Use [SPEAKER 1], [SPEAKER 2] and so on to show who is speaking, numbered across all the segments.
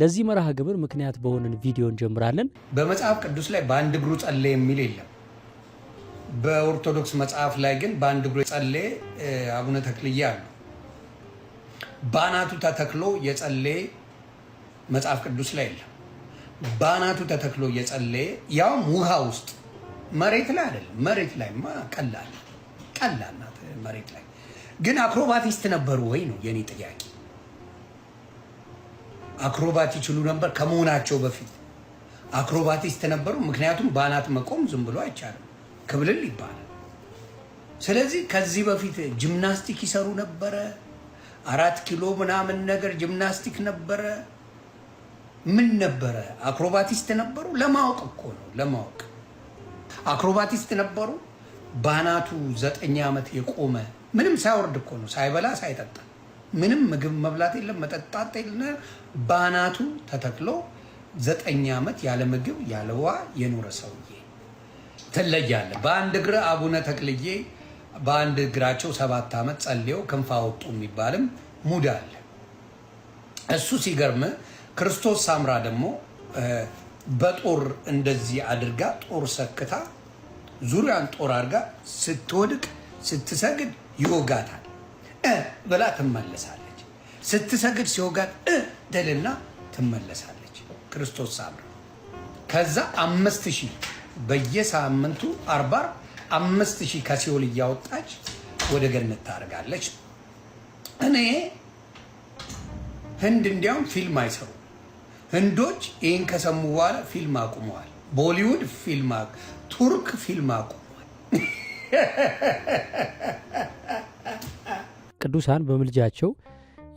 [SPEAKER 1] ለዚህ መርሃ ግብር ምክንያት በሆንን ቪዲዮ እንጀምራለን።
[SPEAKER 2] በመጽሐፍ ቅዱስ ላይ በአንድ እግሩ ጸለ የሚል የለም። በኦርቶዶክስ መጽሐፍ ላይ ግን በአንድ እግሩ የጸለ አቡነ ተክልዬ አሉ። በአናቱ ተተክሎ የጸለ መጽሐፍ ቅዱስ ላይ የለም። በአናቱ ተተክሎ የጸለ ያውም ውሃ ውስጥ መሬት ላይ አይደለም። መሬት ላይ ቀላል ቀላል ናት። መሬት ላይ ግን አክሮባቲስት ነበሩ ወይ ነው የኔ ጥያቄ። አክሮባት ይችሉ ነበር ከመሆናቸው በፊት አክሮባቲስት ነበሩ። ምክንያቱም በአናት መቆም ዝም ብሎ አይቻልም፣ ክብልል ይባላል። ስለዚህ ከዚህ በፊት ጂምናስቲክ ይሰሩ ነበረ። አራት ኪሎ ምናምን ነገር ጂምናስቲክ ነበረ። ምን ነበረ? አክሮባቲስት ነበሩ። ለማወቅ እኮ ነው፣ ለማወቅ አክሮባቲስት ነበሩ። በአናቱ ዘጠኝ ዓመት የቆመ ምንም ሳይወርድ እኮ ነው፣ ሳይበላ ሳይጠጣ ምንም ምግብ መብላት የለም መጠጣት የለ። ባናቱ ተተክሎ ዘጠኝ ዓመት ያለ ምግብ ያለ ውሃ የኖረ ሰውዬ ትለያለ። በአንድ እግር አቡነ ተክልዬ በአንድ እግራቸው ሰባት ዓመት ጸልየው ክንፍ አወጡ የሚባልም ሙድ አለ። እሱ ሲገርም ክርስቶስ ሳምራ ደግሞ በጦር እንደዚህ አድርጋ ጦር ሰክታ ዙሪያን ጦር አድርጋ ስትወድቅ ስትሰግድ ይወጋታል። ብላ ትመለሳለች። ስትሰግድ ሲወጋት ትልና ትመለሳለች። ክርስቶስ ሳምራ ከዛ አምስት ሺህ በየሳምንቱ አርባ አምስት ሺህ ከሲኦል እያወጣች ወደ ገነት ታደርጋለች። እኔ ህንድ እንዲያውም ፊልም አይሰሩ ህንዶች ይህን ከሰሙ በኋላ ፊልም አቁመዋል። ቦሊውድ ፊልም፣ ቱርክ ፊልም አቁመዋል።
[SPEAKER 1] ቅዱሳን በምልጃቸው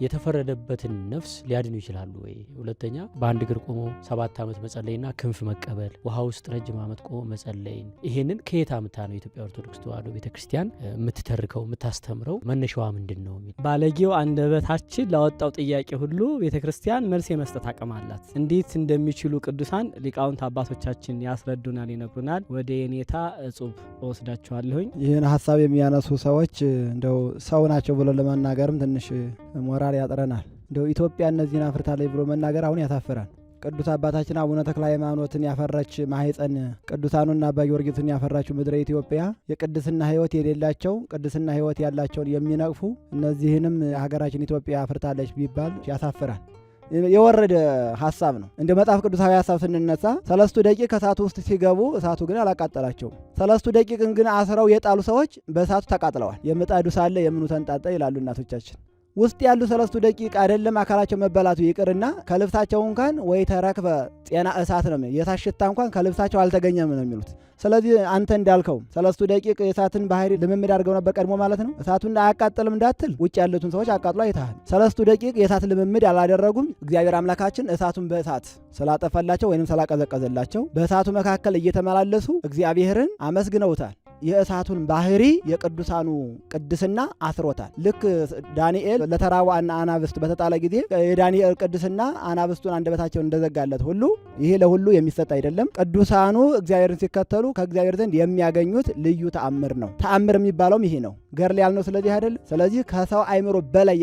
[SPEAKER 1] የተፈረደበትን ነፍስ ሊያድኑ ይችላሉ ወይ? ሁለተኛ በአንድ እግር ቆሞ ሰባት ዓመት መጸለይና ክንፍ መቀበል፣ ውሃ ውስጥ ረጅም ዓመት ቆሞ መጸለይን ይሄንን ከየት አምታ ነው የኢትዮጵያ ኦርቶዶክስ ቤተ ቤተክርስቲያን የምትተርከው የምታስተምረው? መነሻዋ ምንድን ነው? ባለጌው አንደበታችን ላወጣው ጥያቄ ሁሉ ቤተክርስቲያን መልስ የመስጠት አቅም አላት። እንዴት እንደሚችሉ ቅዱሳን ሊቃውንት አባቶቻችን ያስረዱናል፣ ይነግሩናል። ወደ የኔታ እጹብ እወስዳቸዋለሁኝ።
[SPEAKER 3] ይህን ሀሳብ የሚያነሱ ሰዎች እንደው ሰው ናቸው ብሎ ለመናገርም ትንሽ ሞራ አሰራር ያጥረናል። እንደው ኢትዮጵያ እነዚህን አፍርታለች ብሎ መናገር አሁን ያሳፍራል። ቅዱስ አባታችን አቡነ ተክለ ሃይማኖትን ያፈራች ማህፀን ቅዱሳኑና አባ ጊዮርጊስን ያፈራችው ምድረ ኢትዮጵያ የቅድስና ህይወት የሌላቸው ቅድስና ህይወት ያላቸውን የሚነቅፉ እነዚህንም ሀገራችን ኢትዮጵያ አፍርታለች ቢባል ያሳፍራል። የወረደ ሀሳብ ነው። እንደ መጽሐፍ ቅዱሳዊ ሀሳብ ስንነሳ ሰለስቱ ደቂቅ ከእሳቱ ውስጥ ሲገቡ እሳቱ ግን አላቃጠላቸውም። ሰለስቱ ደቂቅን ግን አስረው የጣሉ ሰዎች በእሳቱ ተቃጥለዋል። የምጣዱ ሳለ የምኑ ተንጣጠ ይላሉ እናቶቻችን። ውስጥ ያሉ ሰለስቱ ደቂቅ አይደለም አካላቸው መበላቱ ይቅርና ከልብሳቸው እንኳን ወይ ተረክበ ጤና እሳት ነው የሳሽታ እንኳን ከልብሳቸው አልተገኘም ነው የሚሉት። ስለዚህ አንተ እንዳልከው ሰለስቱ ደቂቅ የእሳትን ባህሪ ልምምድ አድርገው ነበር ቀድሞ ማለት ነው። እሳቱን አያቃጥልም እንዳትል ውጭ ያሉትን ሰዎች አቃጥሎ አይተሃል። ሰለስቱ ደቂቅ የእሳት ልምምድ አላደረጉም። እግዚአብሔር አምላካችን እሳቱን በእሳት ስላጠፈላቸው ወይም ስላቀዘቀዘላቸው በእሳቱ መካከል እየተመላለሱ እግዚአብሔርን አመስግነውታል። የእሳቱን ባህሪ የቅዱሳኑ ቅድስና አስሮታል። ልክ ዳንኤል ለተራው አናብስት በተጣለ ጊዜ የዳንኤል ቅድስና አናብስቱን አንደበታቸውን እንደዘጋለት ሁሉ ይሄ ለሁሉ የሚሰጥ አይደለም። ቅዱሳኑ እግዚአብሔርን ሲከተሉ ከእግዚአብሔር ዘንድ የሚያገኙት ልዩ ተአምር ነው። ተአምር የሚባለውም ይሄ ነው። ገርል ያልነው ስለዚህ አይደለም። ስለዚህ ከሰው አይምሮ በላይ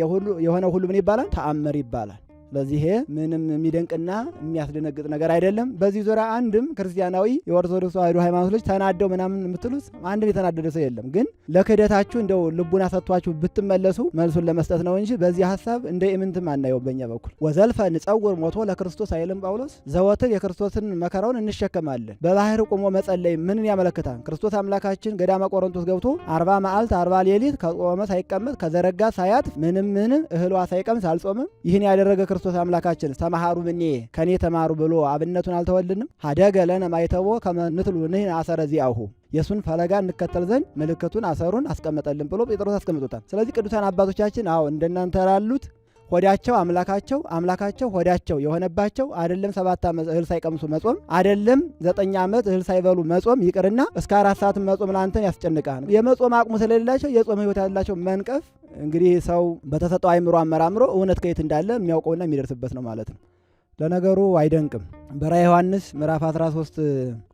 [SPEAKER 3] የሆነ ሁሉ ምን ይባላል? ተአምር ይባላል። ስለዚህ ምንም የሚደንቅና የሚያስደነግጥ ነገር አይደለም። በዚህ ዙሪያ አንድም ክርስቲያናዊ የኦርቶዶክስ ተዋሕዶ ሃይማኖቶች ተናደው ምናምን የምትሉት አንድም የተናደደ ሰው የለም። ግን ለክህደታችሁ እንደው ልቡና ሰጥቷችሁ ብትመለሱ መልሱን ለመስጠት ነው እንጂ በዚህ ሀሳብ እንደ ኢምንትም አናየው በኛ በኩል ወዘልፈ ንጸውር ሞቶ ለክርስቶስ አይልም ጳውሎስ ዘወትር የክርስቶስን መከራውን እንሸከማለን። በባህር ቆሞ መጸለይ ምንን ያመለክታል? ክርስቶስ አምላካችን ገዳመ ቆሮንቶስ ገብቶ አርባ መዓልት አርባ ሌሊት ከቆመ ሳይቀመጥ ከዘረጋ ሳያት ምንም ምንም እህሏ ሳይቀምስ አልጾምም። ይህን ያደረገ ክርስቶስ ክርስቶስ አምላካችን ተማሃሩ ምኔ ከኔ ተማሩ ብሎ አብነቱን አልተወልንም? ሀደገ ለነ ማይተቦ ከመንትሉ ንህን አሰረ አሁ የእሱን ፈለጋ እንከተል ዘንድ ምልክቱን አሰሩን አስቀመጠልን ብሎ ጴጥሮስ አስቀምጦታል። ስለዚህ ቅዱሳን አባቶቻችን አዎ እንደናንተ ላሉት ሆዳቸው አምላካቸው አምላካቸው ሆዳቸው የሆነባቸው አይደለም ሰባት ዓመት እህል ሳይቀምሱ መጾም አይደለም ዘጠኝ ዓመት እህል ሳይበሉ መጾም ይቅርና እስከ አራት ሰዓት መጾም ለአንተን ያስጨንቃል። የመጾም አቅሙ ስለሌላቸው የጾም ህይወት ያላቸው መንቀፍ እንግዲህ ሰው በተሰጠው አይምሮ አመራምሮ እውነት ከየት እንዳለ የሚያውቀውና የሚደርስበት ነው ማለት ነው። ለነገሩ አይደንቅም። በራ ዮሐንስ ምዕራፍ 13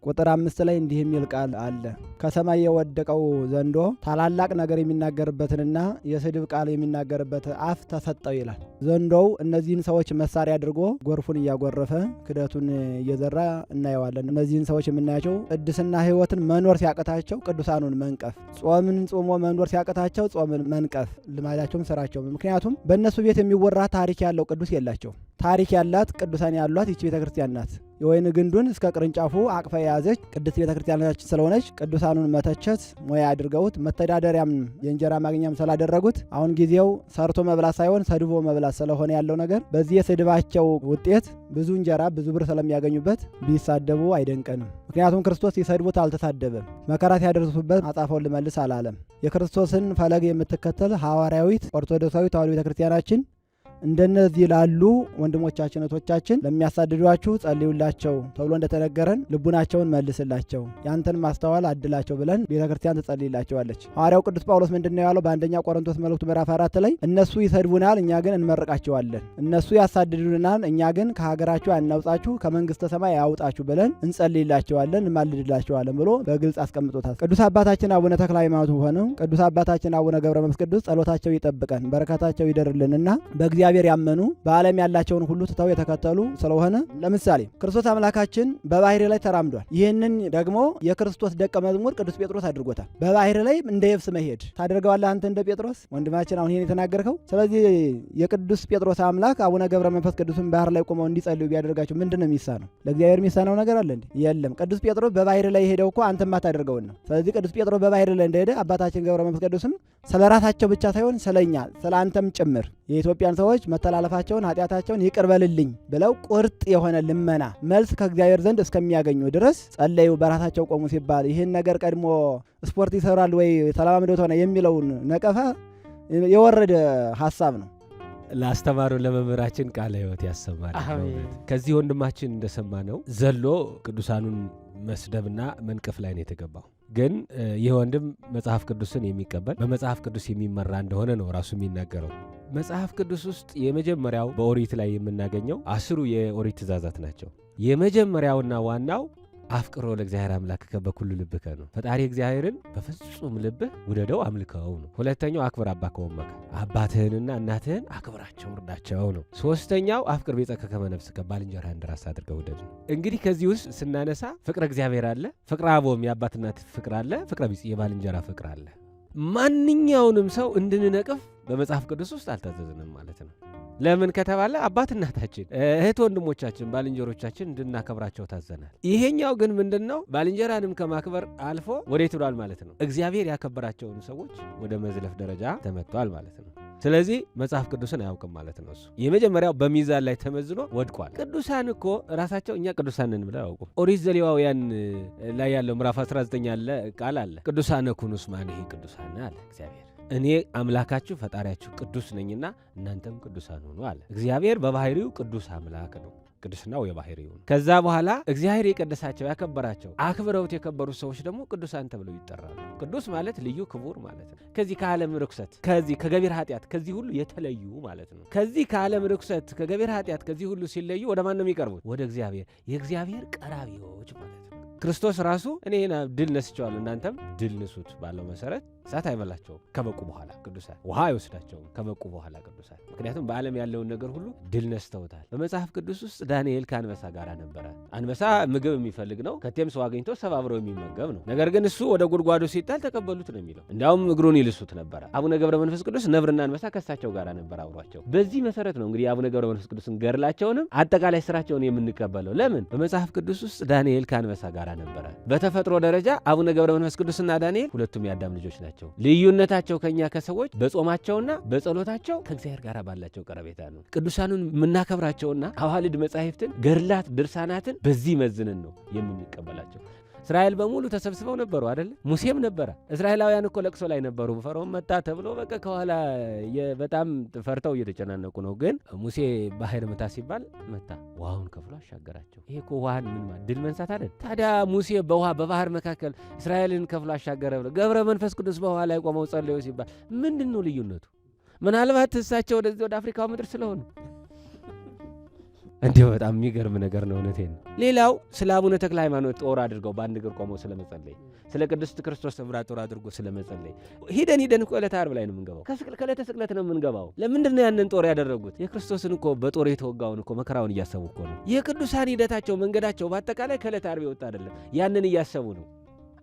[SPEAKER 3] ቁጥር አምስት ላይ እንዲህ የሚል ቃል አለ። ከሰማይ የወደቀው ዘንዶ ታላላቅ ነገር የሚናገርበትንና የስድብ ቃል የሚናገርበት አፍ ተሰጠው ይላል። ዘንዶው እነዚህን ሰዎች መሳሪያ አድርጎ ጎርፉን እያጎረፈ ክደቱን እየዘራ እናየዋለን። እነዚህን ሰዎች የምናያቸው ቅድስና ሕይወትን መኖር ሲያቅታቸው ቅዱሳኑን መንቀፍ፣ ጾምን ጾሞ መኖር ሲያቅታቸው ጾምን መንቀፍ ልማዳቸውም ስራቸውም። ምክንያቱም በእነሱ ቤት የሚወራ ታሪክ ያለው ቅዱስ የላቸው። ታሪክ ያላት ቅዱሳን ያሏት ይቺ ቤተክርስቲያን ናት። የወይን ግንዱን እስከ ቅርንጫፉ አቅፋ የያዘች ቅድስት ቤተክርስቲያናችን ስለሆነች ቅዱሳኑን መተቸት ሙያ አድርገውት መተዳደሪያም የእንጀራ ማግኛም ስላደረጉት አሁን ጊዜው ሰርቶ መብላት ሳይሆን ሰድቦ መብላት ስለሆነ ያለው ነገር በዚህ የስድባቸው ውጤት ብዙ እንጀራ ብዙ ብር ስለሚያገኙበት ቢሳደቡ አይደንቀንም። ምክንያቱም ክርስቶስ ሲሰድቡት አልተሳደበም፣ መከራት ያደርሱበት አጻፈውን ልመልስ አላለም። የክርስቶስን ፈለግ የምትከተል ሐዋርያዊት ኦርቶዶክሳዊ ተዋሕዶ ቤተክርስቲያናችን። እንደነዚህ ላሉ ወንድሞቻችን እህቶቻችን ለሚያሳድዷችሁ ጸልዩላቸው ተብሎ እንደተነገረን ልቡናቸውን መልስላቸው፣ ያንተን ማስተዋል አድላቸው ብለን ቤተ ክርስቲያን ትጸልይላቸዋለች። ሐዋርያው ቅዱስ ጳውሎስ ምንድን ነው ያለው? በአንደኛ ቆሮንቶስ መልእክቱ ምዕራፍ አራት ላይ እነሱ ይሰድቡናል፣ እኛ ግን እንመርቃቸዋለን። እነሱ ያሳድዱናል፣ እኛ ግን ከሀገራችሁ አናውጣችሁ፣ ከመንግስተ ሰማይ ያውጣችሁ ብለን እንጸልይላቸዋለን፣ እንማልድላቸዋለን ብሎ በግልጽ አስቀምጦታል። ቅዱስ አባታችን አቡነ ተክለ ሃይማኖት ሆነ ቅዱስ አባታችን አቡነ ገብረ መንፈስ ቅዱስ ጸሎታቸው ይጠብቀን፣ በረከታቸው ይደርልንና በእግዚአብሔር በእግዚአብሔር ያመኑ በዓለም ያላቸውን ሁሉ ትተው የተከተሉ ስለሆነ ለምሳሌ ክርስቶስ አምላካችን በባህር ላይ ተራምዷል። ይህንን ደግሞ የክርስቶስ ደቀ መዝሙር ቅዱስ ጴጥሮስ አድርጎታል። በባህር ላይ እንደ የብስ መሄድ ታደርገዋለህ አንተ እንደ ጴጥሮስ ወንድማችን አሁን ይህን የተናገርከው። ስለዚህ የቅዱስ ጴጥሮስ አምላክ አቡነ ገብረ መንፈስ ቅዱስን ባህር ላይ ቆመው እንዲጸልዩ ቢያደርጋቸው ምንድን ነው የሚሳነው? ለእግዚአብሔር የሚሳነው ነገር አለ እንዴ? የለም። ቅዱስ ጴጥሮስ በባህር ላይ የሄደው እኮ አንተ ማታደርገውን ነው። ስለዚህ ቅዱስ ጴጥሮስ በባህር ላይ እንደሄደ አባታችን ገብረ መንፈስ ቅዱስም ስለ ራሳቸው ብቻ ሳይሆን ስለኛ ስለ አንተም ጭምር የኢትዮጵያን ሰዎች ሰዎች መተላለፋቸውን ኃጢአታቸውን ይቅርበልልኝ ብለው ቁርጥ የሆነ ልመና መልስ ከእግዚአብሔር ዘንድ እስከሚያገኙ ድረስ ጸለዩ። በራሳቸው ቆሙ ሲባል ይህን ነገር ቀድሞ ስፖርት ይሰራል ወይ ተለማምዶት ሆነ የሚለውን ነቀፋ የወረደ ሀሳብ ነው።
[SPEAKER 4] ላስተማሩን ለመምህራችን ቃለ ሕይወት ያሰማል። ከዚህ ወንድማችን እንደሰማ ነው ዘሎ ቅዱሳኑን መስደብና መንቀፍ ላይ ነው የተገባው። ግን ይህ ወንድም መጽሐፍ ቅዱስን የሚቀበል በመጽሐፍ ቅዱስ የሚመራ እንደሆነ ነው ራሱ የሚናገረው። መጽሐፍ ቅዱስ ውስጥ የመጀመሪያው በኦሪት ላይ የምናገኘው አስሩ የኦሪት ትእዛዛት ናቸው። የመጀመሪያውና ዋናው አፍቅሮ ለእግዚአብሔር አምላክ በኩሉ ልብከ ነው። ፈጣሪ እግዚአብሔርን በፍጹም ልብህ ውደደው አምልከው ነው። ሁለተኛው አክብር አባከ ወእመከ፣ አባትህንና እናትህን አክብራቸው እርዳቸው ነው። ሶስተኛው አፍቅር ቤጸከ ከመ ነፍስከ፣ ባልንጀራህን እንደ አድርገው ውደድ ነው። እንግዲህ ከዚህ ውስጥ ስናነሳ ፍቅረ እግዚአብሔር አለ፣ ፍቅረ አቦም የአባትና ፍቅር አለ፣ ፍቅረ ቢጽ የባልንጀራ ፍቅር አለ። ማንኛውንም ሰው እንድንነቅፍ በመጽሐፍ ቅዱስ ውስጥ አልታዘዝንም ማለት ነው። ለምን ከተባለ አባት እናታችን፣ እህት ወንድሞቻችን፣ ባልንጀሮቻችን እንድናከብራቸው ታዘናል። ይሄኛው ግን ምንድን ነው? ባልንጀራንም ከማክበር አልፎ ወዴት ብሏል ማለት ነው። እግዚአብሔር ያከበራቸውን ሰዎች ወደ መዝለፍ ደረጃ ተመጥቷል ማለት ነው። ስለዚህ መጽሐፍ ቅዱስን አያውቅም ማለት ነው። እሱ የመጀመሪያው በሚዛን ላይ ተመዝኖ ወድቋል። ቅዱሳን እኮ ራሳቸው እኛ ቅዱሳንን ነን ብለው አያውቁም። ኦሪት ዘሌዋውያን ላይ ያለው ምዕራፍ 19 ያለ ቃል አለ። ቅዱሳነ ኩኑስ ማንሄ አለ እግዚአብሔር እኔ አምላካችሁ ፈጣሪያችሁ ቅዱስ ነኝና እናንተም ቅዱሳን ሁኑ አለ። እግዚአብሔር በባህሪው ቅዱስ አምላክ ነው። ቅዱስናው የባህሪው ነው። ከዛ በኋላ እግዚአብሔር የቀደሳቸው ያከበራቸው አክብረውት የከበሩ ሰዎች ደግሞ ቅዱሳን ተብለው ይጠራሉ። ቅዱስ ማለት ልዩ ክቡር ማለት ነው። ከዚህ ከዓለም ርኩሰት ከዚህ ከገቢር ኃጢአት ከዚህ ሁሉ የተለዩ ማለት ነው። ከዚህ ከዓለም ርኩሰት ከገቢር ኃጢአት ከዚህ ሁሉ ሲለዩ ወደ ማን ነው የሚቀርቡት? ወደ እግዚአብሔር የእግዚአብሔር ቀራቢዎች ማለት ነው። ክርስቶስ ራሱ እኔ ድል ነስቸዋለሁ እናንተም ድል ንሱት ባለው መሰረት እሳት አይበላቸውም ከበቁ በኋላ ቅዱሳን። ውሃ አይወስዳቸውም ከበቁ በኋላ ቅዱሳን። ምክንያቱም በዓለም ያለውን ነገር ሁሉ ድል ነስተውታል። በመጽሐፍ ቅዱስ ውስጥ ዳንኤል ከአንበሳ ጋር ነበረ። አንበሳ ምግብ የሚፈልግ ነው። ከቴም ሰው አግኝቶ ሰባብሮ የሚመገብ ነው። ነገር ግን እሱ ወደ ጉድጓዶ ሲጣል ተቀበሉት ነው የሚለው። እንዲያውም እግሩን ይልሱት ነበረ። አቡነ ገብረ መንፈስ ቅዱስ ነብርና አንበሳ ከሳቸው ጋር ነበር አብሯቸው። በዚህ መሰረት ነው እንግዲህ አቡነ ገብረ መንፈስ ቅዱስን ገድላቸውንም አጠቃላይ ስራቸውን የምንቀበለው። ለምን በመጽሐፍ ቅዱስ ውስጥ ዳንኤል ከአንበሳ ጋር ነበረ። በተፈጥሮ ደረጃ አቡነ ገብረ መንፈስ ቅዱስና ዳንኤል ሁለቱም የአዳም ልጆች ናቸው። ናቸው። ልዩነታቸው ከእኛ ከሰዎች በጾማቸውና በጸሎታቸው ከእግዚአብሔር ጋር ባላቸው ቀረቤታ ነው። ቅዱሳኑን የምናከብራቸውና አዋልድ መጻሕፍትን፣ ገድላት፣ ድርሳናትን በዚህ መዝንን ነው የምንቀበላቸው። እስራኤል በሙሉ ተሰብስበው ነበሩ አደለ? ሙሴም ነበረ። እስራኤላውያን እኮ ለቅሶ ላይ ነበሩ። ፈርዖን መጣ ተብሎ በቃ ከኋላ በጣም ፈርተው እየተጨናነቁ ነው። ግን ሙሴ ባህር ምታ ሲባል መታ፣ ውሃውን ከፍሎ አሻገራቸው። ይሄ እኮ ውሃን ምን ድል መንሳት አለን። ታዲያ ሙሴ በውሃ በባህር መካከል እስራኤልን ከፍሎ አሻገረ ብ ገብረ መንፈስ ቅዱስ በውሃ ላይ ቆመው ጸለዩ ሲባል ምንድን ነው ልዩነቱ? ምናልባት እሳቸው ወደዚህ ወደ አፍሪካው ምድር ስለሆኑ እንዲሁ በጣም የሚገርም ነገር ነው። እውነቴን ሌላው ስለ አቡነ ተክለ ሃይማኖት ጦር አድርገው በአንድ እግር ቆመው ስለመጸለይ፣ ስለ ቅዱስ ክርስቶስ ሰምራ ጦር አድርጎ ስለመጸለይ ሂደን ሂደን እኮ ዕለተ ዓርብ ላይ ነው የምንገባው። ከዕለተ ስቅለት ነው የምንገባው። ለምንድን ነው ያንን ጦር ያደረጉት? የክርስቶስን እኮ በጦር የተወጋውን እኮ መከራውን እያሰቡ እኮ ነው። የቅዱሳን ሂደታቸው መንገዳቸው በአጠቃላይ ከዕለተ ዓርብ የወጣ አይደለም። ያንን እያሰቡ ነው።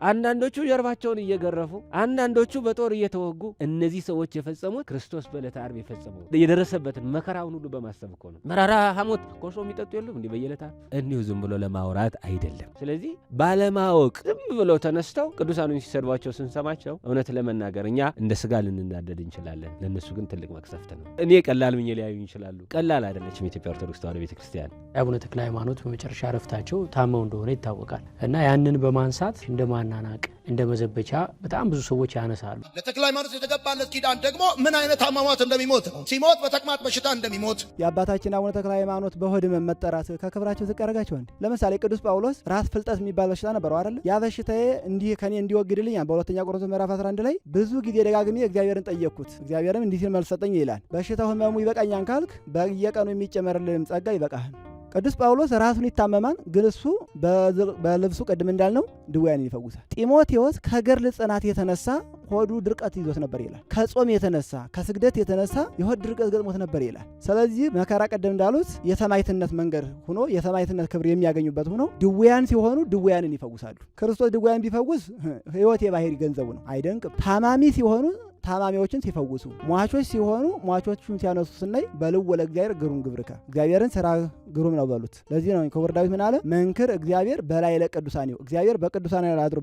[SPEAKER 4] አንዳንዶቹ ጀርባቸውን እየገረፉ፣ አንዳንዶቹ በጦር እየተወጉ እነዚህ ሰዎች የፈጸሙት ክርስቶስ በዕለተ ዓርብ የፈጸመው የደረሰበትን መከራውን ሁሉ በማሰብ እኮ ነው። መራራ ሐሞት ኮሶ የሚጠጡ የሉም እንዲህ በየለታ እንዲሁ ዝም ብሎ ለማውራት አይደለም። ስለዚህ ባለማወቅ ዝም ብሎ ተነስተው ቅዱሳኑን ሲሰድቧቸው ስንሰማቸው እውነት ለመናገር እኛ እንደ ስጋ ልንናደድ እንችላለን። ለእነሱ ግን ትልቅ መቅሰፍት ነው። እኔ ቀላል ምኝ ሊያዩ ይችላሉ። ቀላል አይደለችም የኢትዮጵያ ኦርቶዶክስ ተዋህዶ ቤተክርስቲያን። አቡነ ተክለ ሃይማኖት በመጨረሻ ረፍታቸው ታመው እንደሆነ ይታወቃል እና ያንን በማንሳት እንደማ ማናናቅ እንደ መዘበቻ በጣም ብዙ ሰዎች ያነሳሉ።
[SPEAKER 5] ለተክለ ሃይማኖት የተገባለት ኪዳን ደግሞ ምን አይነት አሟሟት እንደሚሞት ነው። ሲሞት በተቅማጥ በሽታ እንደሚሞት
[SPEAKER 3] የአባታችን አቡነ ተክለ ሃይማኖት በሆድ ህመም መጠራት ከክብራቸው ዝቅ ያደረጋቸው እንዲ። ለምሳሌ ቅዱስ ጳውሎስ ራስ ፍልጠት የሚባል በሽታ ነበረው አይደለ? ያ በሽታዬ እንዲህ ከኔ እንዲወግድልኝ በሁለተኛ ቆሮንቶስ ምዕራፍ 11 ላይ ብዙ ጊዜ ደጋግሜ እግዚአብሔርን ጠየቅኩት፣ እግዚአብሔርም እንዲህ ሲል መልስ ሰጠኝ ይላል። በሽታው ህመሙ ይበቃኛን ካልክ በየቀኑ የሚጨመርልንም ጸጋ ይበቃህን ቅዱስ ጳውሎስ ራሱን ይታመማል፣ ግን እሱ በልብሱ ቅድም እንዳልነው ድውያንን ይፈውሳል። ጢሞቴዎስ ከገድል ጽናት የተነሳ ሆዱ ድርቀት ይዞት ነበር ይላል። ከጾም የተነሳ ከስግደት የተነሳ የሆድ ድርቀት ገጥሞት ነበር ይላል። ስለዚህ መከራ ቀደም እንዳሉት የሰማይትነት መንገድ ሆኖ የሰማይትነት ክብር የሚያገኙበት ሆኖ ድውያን ሲሆኑ ድውያንን ይፈውሳሉ። ክርስቶስ ድውያን ቢፈውስ ህይወት የባህሪ ገንዘቡ ነው፣ አይደንቅም። ታማሚ ሲሆኑ ታማሚዎችን ሲፈውሱ ሟቾች ሲሆኑ ሟቾቹን ሲያነሱ ስናይ በልዎ ለእግዚአብሔር ግሩም ግብርከ እግዚአብሔርን ስራ ግሩም ነው በሉት። ለዚህ ነው ክቡር ዳዊት ምን አለ? መንክር እግዚአብሔር በላይ ለቅዱሳን ይው እግዚአብሔር በቅዱሳን ላይ አድሮ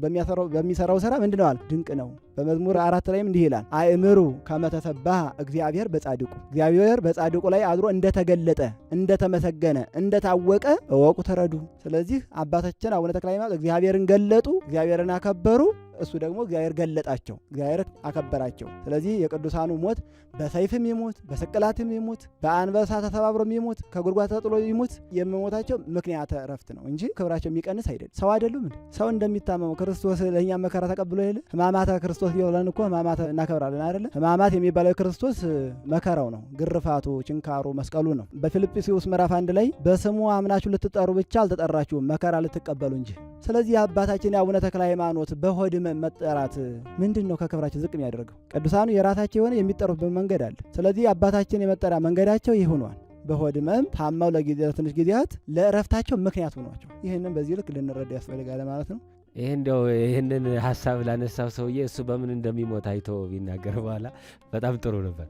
[SPEAKER 3] በሚሰራው ስራ ምንድነዋል ድንቅ ነው መዝሙር አራት ላይም እንዲህ ይላል አእምሩ ከመተሰባህ እግዚአብሔር በጻድቁ እግዚአብሔር በጻድቁ ላይ አድሮ እንደተገለጠ እንደተመሰገነ እንደታወቀ እወቁ ተረዱ ስለዚህ አባታችን አቡነ ተክለ ሃይማኖት እግዚአብሔርን ገለጡ እግዚአብሔርን አከበሩ እሱ ደግሞ እግዚአብሔር ገለጣቸው፣ እግዚአብሔር አከበራቸው። ስለዚህ የቅዱሳኑ ሞት በሰይፍም ይሙት፣ በስቅላትም ይሙት፣ በአንበሳ ተሰባብሮ ይሙት፣ ከጉድጓድ ተጥሎ ይሙት፣ የመሞታቸው ምክንያተ እረፍት ነው እንጂ ክብራቸው የሚቀንስ አይደለም። ሰው አይደሉም እንዴ? ሰው እንደሚታመመው ክርስቶስ ለእኛ መከራ ተቀብሎ የለ ህማማተ ክርስቶስ ቢሆለን እኮ ህማማት እናከብራለን አይደለ? ህማማት የሚባለው ክርስቶስ መከራው ነው፣ ግርፋቱ፣ ችንካሩ፣ መስቀሉ ነው። በፊልጵስዩስ ምዕራፍ አንድ ላይ በስሙ አምናችሁ ልትጠሩ ብቻ አልተጠራችሁም መከራ ልትቀበሉ እንጂ። ስለዚህ አባታችን የአቡነ ተክለ ሃይማኖት በሆድም መጠራት ምንድን ነው ከክብራችን ዝቅ የሚያደርገው? ቅዱሳኑ የራሳቸው የሆነ የሚጠሩበት መንገድ አለ። ስለዚህ አባታችን የመጠሪያ መንገዳቸው ይሆኗል በሆድመም በሆድ ህመም ታመው ለትንሽ ጊዜያት ለእረፍታቸው ምክንያት ሆኗቸው፣ ይህንን በዚህ ልክ ልንረዳ ያስፈልጋለ ማለት ነው።
[SPEAKER 4] ይህ እንዲያው ይህንን ሀሳብ ላነሳው ሰውዬ እሱ በምን እንደሚሞት አይቶ ቢናገር በኋላ በጣም ጥሩ ነበር።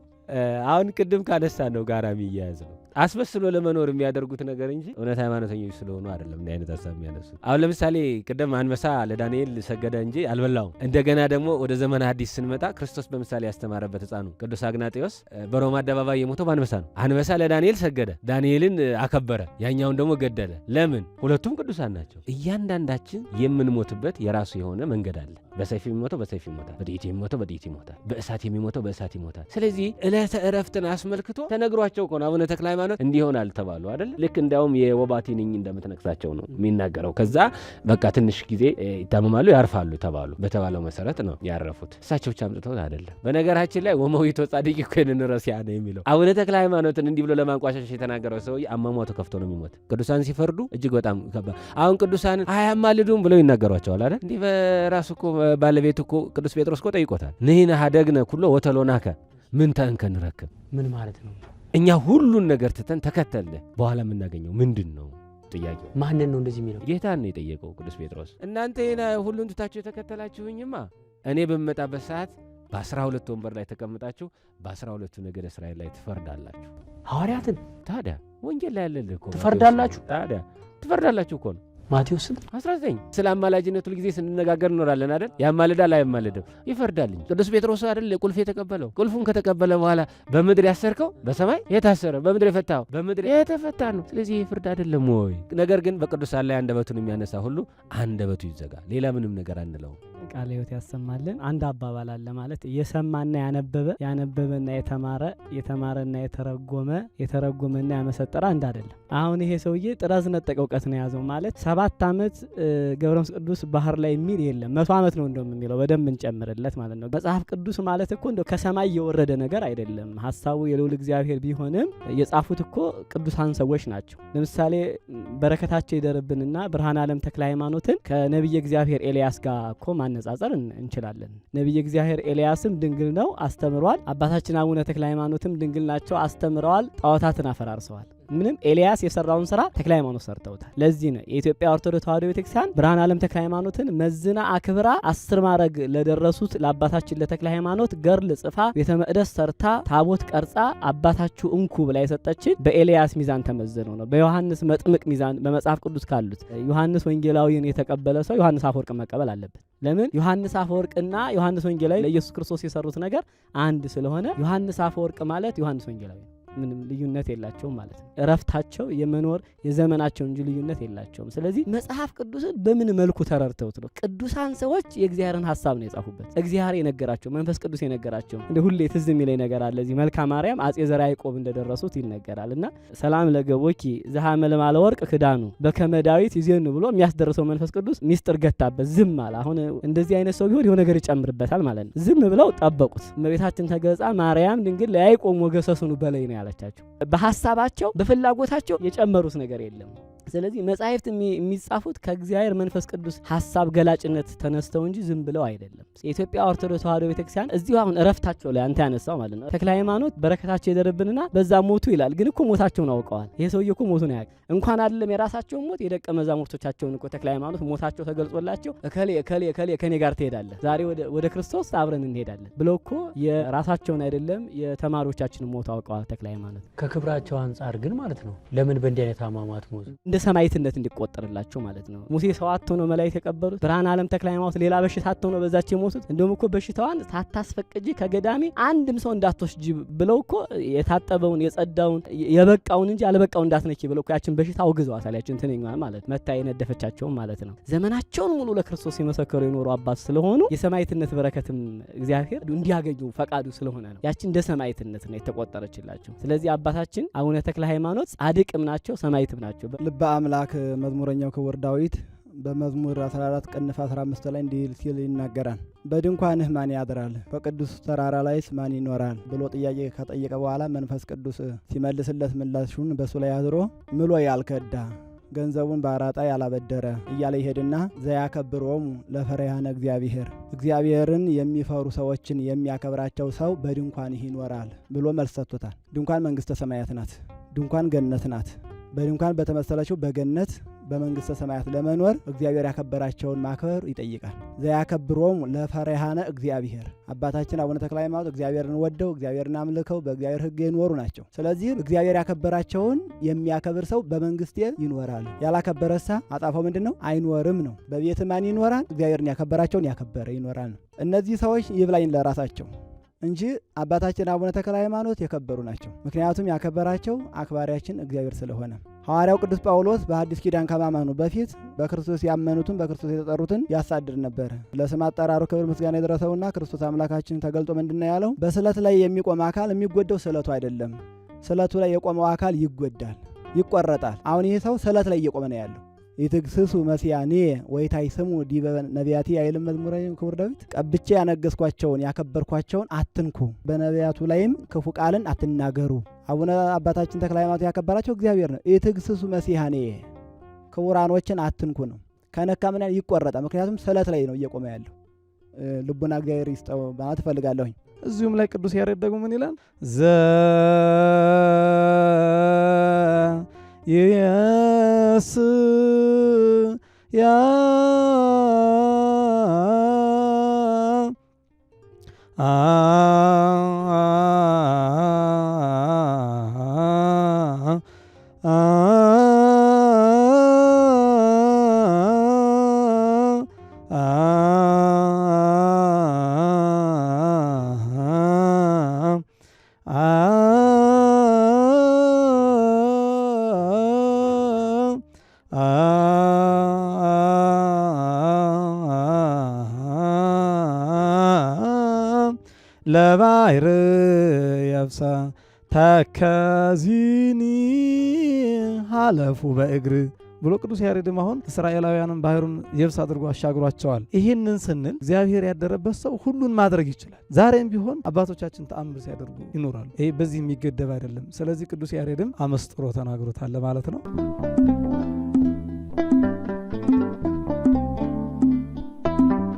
[SPEAKER 4] አሁን ቅድም ካነሳ ነው ጋራ የሚያያዝ ነው አስመስሎ ለመኖር የሚያደርጉት ነገር እንጂ እውነት ሃይማኖተኞች ስለሆኑ አይደለም እንዲህ አይነት ሀሳብ የሚያነሱት። አሁን ለምሳሌ ቅደም አንበሳ ለዳንኤል ሰገደ እንጂ አልበላውም። እንደገና ደግሞ ወደ ዘመን አዲስ ስንመጣ ክርስቶስ በምሳሌ ያስተማረበት ሕፃኑ ቅዱስ አግናጤዎስ በሮማ አደባባይ የሞተው በአንበሳ ነው። አንበሳ ለዳንኤል ሰገደ፣ ዳንኤልን አከበረ፣ ያኛውን ደግሞ ገደለ። ለምን? ሁለቱም ቅዱሳን ናቸው። እያንዳንዳችን የምንሞትበት የራሱ የሆነ መንገድ አለ። በሰይፍ የሚሞተው በሰይፍ ይሞታል፣ በጥይት የሚሞተው በጥይት ይሞታል፣ በእሳት የሚሞተው በእሳት ይሞታል። ስለዚህ ዕለተ ዕረፍትን አስመልክቶ ተነግሯቸው ከሆነ አቡነ ተክለ ሃይማኖት እንዲሆን አልተባሉ አይደል? ልክ እንዲያውም የወባ ትንኝ እንደምትነቅሳቸው ነው የሚናገረው። ከዛ በቃ ትንሽ ጊዜ ይታመማሉ፣ ያርፋሉ ተባሉ። በተባለው መሰረት ነው ያረፉት። እሳቸው ብቻ አምጥተውት አይደለም። በነገራችን ላይ ወመዊቶ ጻድቅ ኮይንን ረሲያ ነው የሚለው አቡነ ተክለ ሃይማኖትን እንዲህ ብሎ ለማንቋሻሻ የተናገረው ሰውዬ አሟሟቱ ከፍቶ ነው የሚሞት። ቅዱሳን ሲፈርዱ እጅግ በጣም ከባድ። አሁን ቅዱሳን አያማልዱም ብለው ይናገሯቸዋል አይደል? እንዲህ በራሱ እኮ ባለቤቱ እኮ ቅዱስ ጴጥሮስ እኮ ጠይቆታል። ንሕነ ሀደግነ ኩሎ ወተሎናከ ምን ተንከ ንረክብ ምን ማለት ነው? እኛ ሁሉን ነገር ትተን ተከተል በኋላ የምናገኘው ምንድን ነው? ጥያቄው ማንን ነው እንደዚህ የሚለው? ጌታን ነው የጠየቀው ቅዱስ ጴጥሮስ። እናንተ ይህን ሁሉን ትታችሁ የተከተላችሁኝማ እኔ በምመጣበት ሰዓት በአስራ ሁለቱ ወንበር ላይ ተቀምጣችሁ በአስራ ሁለቱ ነገድ እስራኤል ላይ ትፈርዳላችሁ። ሐዋርያትን ታዲያ ወንጌል ላይ ያለልህ ትፈርዳላችሁ። ታዲያ ትፈርዳላችሁ እኮ ነው ማቴዎስም 19 ስለ አማላጅነት ሁልጊዜ ስንነጋገር እንኖራለን አይደል? ያማልዳል አያማልድም? ይፈርዳል እንጂ ቅዱስ ጴጥሮስ አይደል ቁልፍ የተቀበለው? ቁልፉን ከተቀበለ በኋላ በምድር ያሰርከው በሰማይ የታሰረ በምድር የፈታው በምድር የተፈታ ነው። ስለዚህ ይህ ፍርድ አይደለም ወይ? ነገር ግን በቅዱሳን ላይ አንደበቱን የሚያነሳ ሁሉ አንደበቱ ይዘጋ ሌላ ምንም ነገር አንለውም።
[SPEAKER 3] ቃለ ሕይወት ያሰማልን። አንድ አባባል አለ ማለት የሰማና ያነበበ ያነበበና የተማረ የተማረና የተረጎመ የተረጎመና ያመሰጠረ አንድ አይደለም። አሁን ይሄ ሰውዬ ጥራዝ ነጠቀ እውቀት ነው የያዘው ማለት ሰባት ዓመት ገብረ መንፈስ ቅዱስ ባህር ላይ የሚል የለም። መቶ ዓመት ነው እንደውም የሚለው በደንብ እንጨምርለት ማለት ነው። መጽሐፍ ቅዱስ ማለት እኮ እንደው ከሰማይ የወረደ ነገር አይደለም። ሀሳቡ የልዑል እግዚአብሔር ቢሆንም የጻፉት እኮ ቅዱሳን ሰዎች ናቸው። ለምሳሌ በረከታቸው ይደርብንና ብርሃን ዓለም ተክለ ሃይማኖትን ከነቢየ እግዚአብሔር ኤልያስ ጋር እኮ ማነጻጸር እንችላለን። ነቢየ እግዚአብሔር ኤልያስም ድንግል ነው፣ አስተምሯል። አባታችን አቡነ ተክለ ሃይማኖትም ድንግል ናቸው፣ አስተምረዋል። ጣዖታትን አፈራርሰዋል። ምንም ኤልያስ የሰራውን ስራ ተክለ ሃይማኖት ሰርተውታል። ለዚህ ነው የኢትዮጵያ ኦርቶዶክስ ተዋሕዶ ቤተክርስቲያን ብርሃን ዓለም ተክለ ሃይማኖትን መዝና አክብራ አስር ማድረግ ለደረሱት ለአባታችን ለተክለ ሃይማኖት ገርል ጽፋ ቤተ መቅደስ ሰርታ ታቦት ቀርጻ አባታችሁ እንኩ ብላ የሰጠችን በኤልያስ ሚዛን ተመዝኖ ነው። በዮሐንስ መጥምቅ ሚዛን በመጽሐፍ ቅዱስ ካሉት ዮሐንስ ወንጌላዊን የተቀበለ ሰው ዮሐንስ አፈወርቅ መቀበል አለበት። ለምን ዮሐንስ አፈወርቅና ዮሐንስ ወንጌላዊ ለኢየሱስ ክርስቶስ የሰሩት ነገር አንድ ስለሆነ ዮሐንስ አፈወርቅ ማለት ዮሐንስ ወንጌላዊ ነው። ምንም ልዩነት የላቸውም ማለት ነው። እረፍታቸው የመኖር የዘመናቸው እንጂ ልዩነት የላቸውም። ስለዚህ መጽሐፍ ቅዱስን በምን መልኩ ተረድተውት ነው? ቅዱሳን ሰዎች የእግዚአብሔርን ሀሳብ ነው የጻፉበት። እግዚአብሔር የነገራቸው መንፈስ ቅዱስ የነገራቸው። እንደ ሁሌ ትዝ የሚለኝ ነገር አለ። እዚህ መልካ ማርያም አጼ ዘራ ያዕቆብ እንደደረሱት ይነገራል እና ሰላም ለገቦኪ ዘሐመ ለማለ ወርቅ ክዳኑ በከመ ዳዊት ይዜኑ ብሎ የሚያስደርሰው መንፈስ ቅዱስ ሚስጥር ገታበት ዝም አለ። አሁን እንደዚህ አይነት ሰው ቢሆን የሆነ ነገር ይጨምርበታል ማለት ነው። ዝም ብለው ጠበቁት። እመቤታችን ተገጻ ማርያም ድንግል ለያዕቆብ ወገሰሱኑ በላይ ነው ያለቻቸው። በሀሳባቸው በፍላጎታቸው የጨመሩት ነገር የለም። ስለዚህ መጻሕፍት የሚጻፉት ከእግዚአብሔር መንፈስ ቅዱስ ሀሳብ ገላጭነት ተነስተው እንጂ ዝም ብለው አይደለም። የኢትዮጵያ ኦርቶዶክስ ተዋሕዶ ቤተክርስቲያን እዚሁ አሁን እረፍታቸው ላይ አንተ ያነሳው ማለት ነው ተክለ ሃይማኖት በረከታቸው የደረብንና በዛ ሞቱ ይላል። ግን እኮ ሞታቸውን አውቀዋል። ይህ ሰውዬ እኮ ሞቱን ያቅ እንኳን አይደለም የራሳቸውን ሞት የደቀ መዛሙርቶቻቸውን እኮ ተክለ ሃይማኖት ሞታቸው ተገልጾላቸው እከሌ እከሌ እከሌ ከኔ ጋር ትሄዳለህ ዛሬ ወደ ክርስቶስ አብረን እንሄዳለን ብለው እኮ የራሳቸውን አይደለም የተማሪዎቻችን ሞት አውቀዋል ተክለ ሃይማኖት።
[SPEAKER 4] ከክብራቸው አንጻር ግን ማለት ነው ለምን በእንዲህ አይነት አሟሟት ሞት
[SPEAKER 3] እንደ ሰማይትነት እንዲቆጠርላቸው ማለት ነው። ሙሴ ሰው አጥተው ነው መላእክት የቀበሩት። ብርሃን ዓለም ተክለ ሃይማኖት ሌላ በሽታ አጥተው ነው በዛች የሞቱት። እንደውም እኮ በሽታዋን ሳታስፈቅጂ ከገዳሜ አንድም ሰው እንዳትወስጂ ብለው እኮ የታጠበውን የጸዳውን የበቃውን እንጂ አልበቃው እንዳትነኪ ብለው ያችን በሽታ አውግዘዋታል። ያችን ትንኛ ማለት መታ የነደፈቻቸውም ማለት ነው። ዘመናቸውን ሙሉ ለክርስቶስ የመሰከሩ የኖሩ አባት ስለሆኑ የሰማይትነት በረከትም እግዚአብሔር እንዲያገኙ ፈቃዱ ስለሆነ ነው ያችን እንደ ሰማይትነት ነው የተቆጠረችላቸው። ስለዚህ አባታችን አቡነ ተክለ ሃይማኖት ጻድቅም ናቸው ሰማይትም ናቸው። አምላክ መዝሙረኛው ክቡር ዳዊት በመዝሙር 14 ቅንፍ 15 ላይ እንዲህ ሲል ይናገራል። በድንኳንህ ማን ያድራል? በቅዱስ ተራራ ላይስ ማን ይኖራል? ብሎ ጥያቄ ከጠየቀ በኋላ መንፈስ ቅዱስ ሲመልስለት ምላሹን በሱ ላይ አድሮ ምሎ ያልከዳ ገንዘቡን በአራጣ ያላበደረ እያለ ይሄድና ዘያከብሮሙ ለፈሪሃነ እግዚአብሔር እግዚአብሔርን የሚፈሩ ሰዎችን የሚያከብራቸው ሰው በድንኳን ይኖራል ብሎ መልስ ሰጥቶታል። ድንኳን መንግሥተ ሰማያት ናት። ድንኳን ገነት ናት። በድንኳን በተመሰለችው በገነት በመንግሥተ ሰማያት ለመኖር እግዚአብሔር ያከበራቸውን ማክበር ይጠይቃል። ዘያከብሮም ለፈሪሃነ እግዚአብሔር። አባታችን አቡነ ተክለ ሃይማኖት እግዚአብሔርን ወደው እግዚአብሔርን አምልከው በእግዚአብሔር ሕግ የኖሩ ናቸው። ስለዚህም እግዚአብሔር ያከበራቸውን የሚያከብር ሰው በመንግሥቴ ይኖራል፣ ያላከበረሳ አጣፋው ምንድን ነው? አይኖርም ነው። በቤት ማን ይኖራል? እግዚአብሔርን ያከበራቸውን ያከበረ ይኖራል ነው። እነዚህ ሰዎች ይብላኝ ለራሳቸው እንጂ አባታችን አቡነ ተክለ ሃይማኖት የከበሩ ናቸው። ምክንያቱም ያከበራቸው አክባሪያችን እግዚአብሔር ስለሆነ ሐዋርያው ቅዱስ ጳውሎስ በሐዲስ ኪዳን ከማመኑ በፊት በክርስቶስ ያመኑትን በክርስቶስ የተጠሩትን ያሳድር ነበር። ለስም አጠራሩ ክብር ምስጋና የደረሰውና ክርስቶስ አምላካችን ተገልጦ ምንድነው ያለው? በስለት ላይ የሚቆም አካል የሚጎዳው ስለቱ አይደለም፣ ስለቱ ላይ የቆመው አካል ይጎዳል፣ ይቆረጣል። አሁን ይህ ሰው ስለት ላይ እየቆመ ነው ያለው። መስያኔ መሲያኔ ወይታይስሙ ዲበ ነቢያቴ አይልም መዝሙረ ክቡር ዳዊት። ቀብቼ ያነገስኳቸውን ያከበርኳቸውን አትንኩ፣ በነቢያቱ ላይም ክፉ ቃልን አትናገሩ። አቡነ አባታችን ተክለ ሃይማኖት ያከበራቸው እግዚአብሔር ነው። ይትግስሱ መስያኔ ክቡራኖችን አትንኩ ነው። ከነካ ምን ይቆረጣ? ምክንያቱም ስለት ላይ ነው እየቆመ ያለው። ልቡና እግዚአብሔር ይስጠው ማለት እፈልጋለሁኝ።
[SPEAKER 4] እዚሁም ላይ ቅዱስ ያሬድ ደግሞ ምን ይላል? ዘ የስ Yeah. ለባይር የብሳ ተከዚኒ ሀለፉ በእግር ብሎ ቅዱስ ያሬድም አሁን እስራኤላውያንን ባህሩን የብስ አድርጎ አሻግሯቸዋል። ይህንን ስንል እግዚአብሔር ያደረበት ሰው ሁሉን ማድረግ ይችላል። ዛሬም ቢሆን አባቶቻችን ተአምር ሲያደርጉ ይኖራሉ። ይህ በዚህ የሚገደብ አይደለም። ስለዚህ ቅዱስ ያሬድም አመስጥሮ ተናግሮታል ማለት ነው።